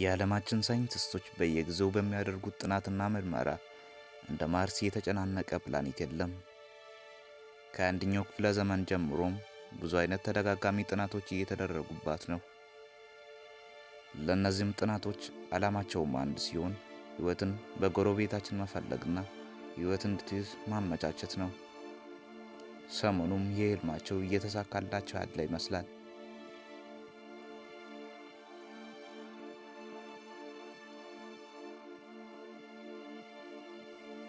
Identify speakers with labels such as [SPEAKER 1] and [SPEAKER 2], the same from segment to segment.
[SPEAKER 1] የዓለማችን ሳይንቲስቶች በየጊዜው በሚያደርጉት ጥናትና ምርመራ እንደ ማርስ የተጨናነቀ ፕላኔት የለም። ከአንደኛው ክፍለ ዘመን ጀምሮም ብዙ አይነት ተደጋጋሚ ጥናቶች እየተደረጉባት ነው። ለእነዚህም ጥናቶች ዓላማቸውም አንድ ሲሆን ሕይወትን በጎረቤታችን መፈለግና ሕይወት እንድትይዝ ማመቻቸት ነው። ሰሞኑም ይህ እየተሳካላቸው ያለ ይመስላል።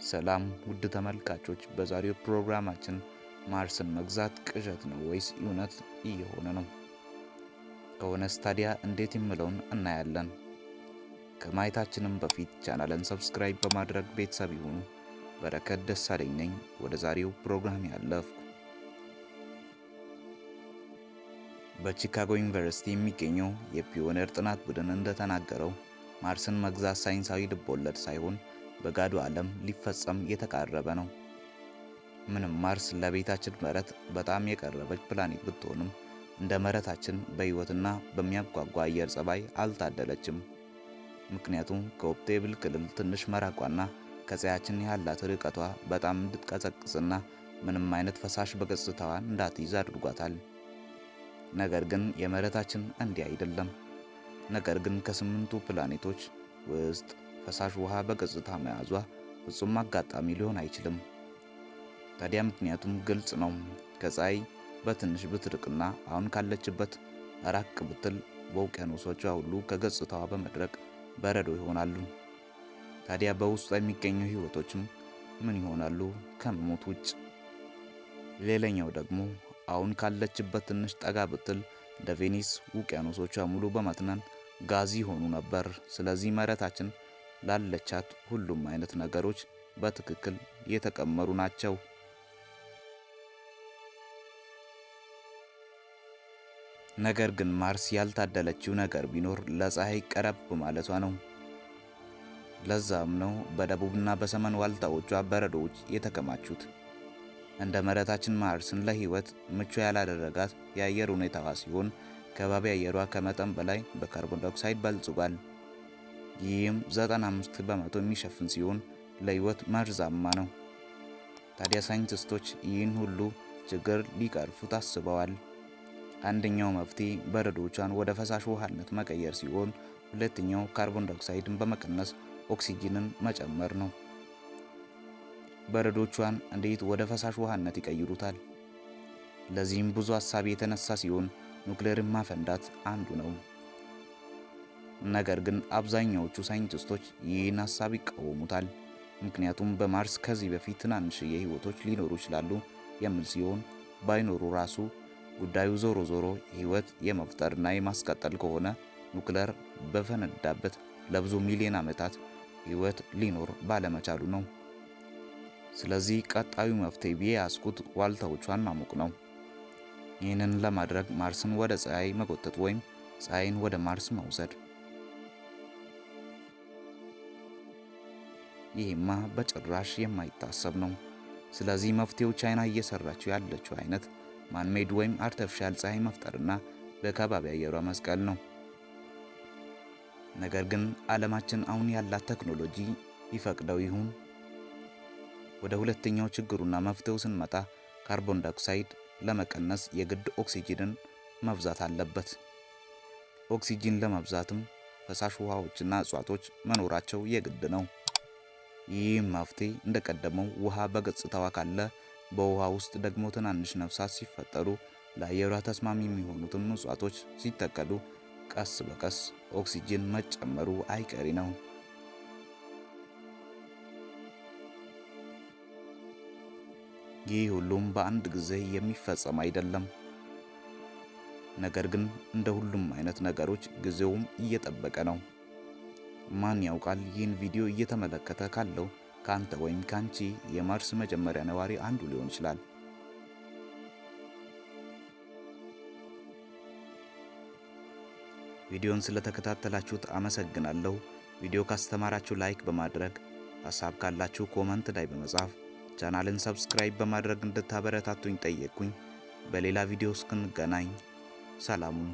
[SPEAKER 1] ሰላም ውድ ተመልካቾች፣ በዛሬው ፕሮግራማችን ማርስን መግዛት ቅዠት ነው ወይስ እውነት እየሆነ ነው? ከሆነስ ታዲያ እንዴት የምለውን እናያለን። ከማየታችንም በፊት ቻናልን ሰብስክራይብ በማድረግ ቤተሰብ ይሁኑ። በረከት ደሳለኝ ነኝ። ወደ ዛሬው ፕሮግራም ያለፍኩ በቺካጎ ዩኒቨርሲቲ የሚገኘው የፒዮኔር ጥናት ቡድን እንደተናገረው ማርስን መግዛት ሳይንሳዊ ልቦለድ ሳይሆን በጋዱ ዓለም ሊፈጸም የተቃረበ ነው። ምንም ማርስ ለቤታችን መሬት በጣም የቀረበች ፕላኔት ብትሆንም እንደ መሬታችን በሕይወትና በሚያጓጓ አየር ጸባይ አልታደለችም። ምክንያቱም ከኦፕቴብል ክልል ትንሽ መራቋና ከፀያችን ያላት ርቀቷ በጣም እንድትቀዘቅዝና ምንም አይነት ፈሳሽ በገጽታዋ እንዳትይዝ አድርጓታል። ነገር ግን የመሬታችን እንዲህ አይደለም። ነገር ግን ከስምንቱ ፕላኔቶች ውስጥ ፈሳሽ ውሃ በገጽታ መያዟ ፍጹም አጋጣሚ ሊሆን አይችልም። ታዲያ ምክንያቱም ግልጽ ነው። ከፀሐይ በትንሽ ብትርቅና አሁን ካለችበት ራቅ ብትል በውቅያኖሶቿ ሁሉ ከገጽታዋ በመድረቅ በረዶ ይሆናሉ። ታዲያ በውስጧ የሚገኙ ህይወቶችም ምን ይሆናሉ ከመሞት ውጭ? ሌላኛው ደግሞ አሁን ካለችበት ትንሽ ጠጋ ብትል እንደ ቬኒስ ውቅያኖሶቿ ሙሉ በመትነን ጋዝ ይሆኑ ነበር። ስለዚህ መሬታችን ላለቻት ሁሉም አይነት ነገሮች በትክክል የተቀመሩ ናቸው። ነገር ግን ማርስ ያልታደለችው ነገር ቢኖር ለፀሐይ ቀረብ ማለቷ ነው። ለዛም ነው በደቡብና በሰሜን ዋልታዎቿ በረዶዎች የተከማቹት። እንደ መሬታችን ማርስን ለህይወት ምቹ ያላደረጋት የአየር ሁኔታዋ ሲሆን ከባቢ አየሯ ከመጠን በላይ በካርቦን ዳይኦክሳይድ በልጽጓል። ይህም 95 በመቶ የሚሸፍን ሲሆን ለህይወት መርዛማ ነው። ታዲያ ሳይንቲስቶች ይህን ሁሉ ችግር ሊቀርፉ ታስበዋል። አንደኛው መፍትሄ በረዶቿን ወደ ፈሳሽ ውሃነት መቀየር ሲሆን፣ ሁለተኛው ካርቦን ዳይኦክሳይድን በመቀነስ ኦክሲጅንን መጨመር ነው። በረዶቿን እንዴት ወደ ፈሳሽ ውሃነት ይቀይሩታል? ለዚህም ብዙ ሀሳብ የተነሳ ሲሆን ኑክሌርን ማፈንዳት አንዱ ነው። ነገር ግን አብዛኛዎቹ ሳይንቲስቶች ይህን ሀሳብ ይቃወሙታል። ምክንያቱም በማርስ ከዚህ በፊት ትናንሽዬ የህይወቶች ሊኖሩ ይችላሉ የሚል ሲሆን ባይኖሩ ራሱ ጉዳዩ ዞሮ ዞሮ ህይወት የመፍጠርና የማስቀጠል ከሆነ ኑክለር በፈነዳበት ለብዙ ሚሊዮን ዓመታት ህይወት ሊኖር ባለመቻሉ ነው። ስለዚህ ቀጣዩ መፍትሄ ብዬ ያስኩት ዋልታዎቿን ማሞቅ ነው። ይህንን ለማድረግ ማርስን ወደ ፀሐይ መጎተት ወይም ፀሐይን ወደ ማርስ መውሰድ ይሄማ በጭራሽ የማይታሰብ ነው። ስለዚህ መፍትሄው ቻይና እየሰራችው ያለችው አይነት ማንሜድ ወይም አርተፊሻል ፀሐይ መፍጠርና በከባቢ አየሯ መስቀል ነው። ነገር ግን ዓለማችን አሁን ያላት ቴክኖሎጂ ይፈቅደው ይሁን? ወደ ሁለተኛው ችግሩና መፍትሄው ስንመጣ ካርቦን ዳይኦክሳይድ ለመቀነስ የግድ ኦክሲጅንን መብዛት አለበት። ኦክሲጅን ለመብዛትም ፈሳሽ ውሃዎችና እጽዋቶች መኖራቸው የግድ ነው። ይህም መፍትሄ እንደቀደመው ውሃ በገጽታዋ ካለ፣ በውሃ ውስጥ ደግሞ ትናንሽ ነፍሳት ሲፈጠሩ፣ ለአየሯ ተስማሚ የሚሆኑትን እጽዋቶች ሲተከሉ፣ ቀስ በቀስ ኦክሲጅን መጨመሩ አይቀሪ ነው። ይህ ሁሉም በአንድ ጊዜ የሚፈጸም አይደለም። ነገር ግን እንደ ሁሉም አይነት ነገሮች ጊዜውም እየጠበቀ ነው። ማን ያውቃል ይህን ቪዲዮ እየተመለከተ ካለው ከአንተ ወይም ከአንቺ የማርስ መጀመሪያ ነዋሪ አንዱ ሊሆን ይችላል። ቪዲዮን ስለተከታተላችሁት አመሰግናለሁ። ቪዲዮ ካስተማራችሁ ላይክ በማድረግ ሀሳብ ካላችሁ ኮመንት ላይ በመጻፍ ቻናልን ሰብስክራይብ በማድረግ እንድታበረታቱኝ ጠየቅኩኝ። በሌላ ቪዲዮ እስክንገናኝ ሰላሙን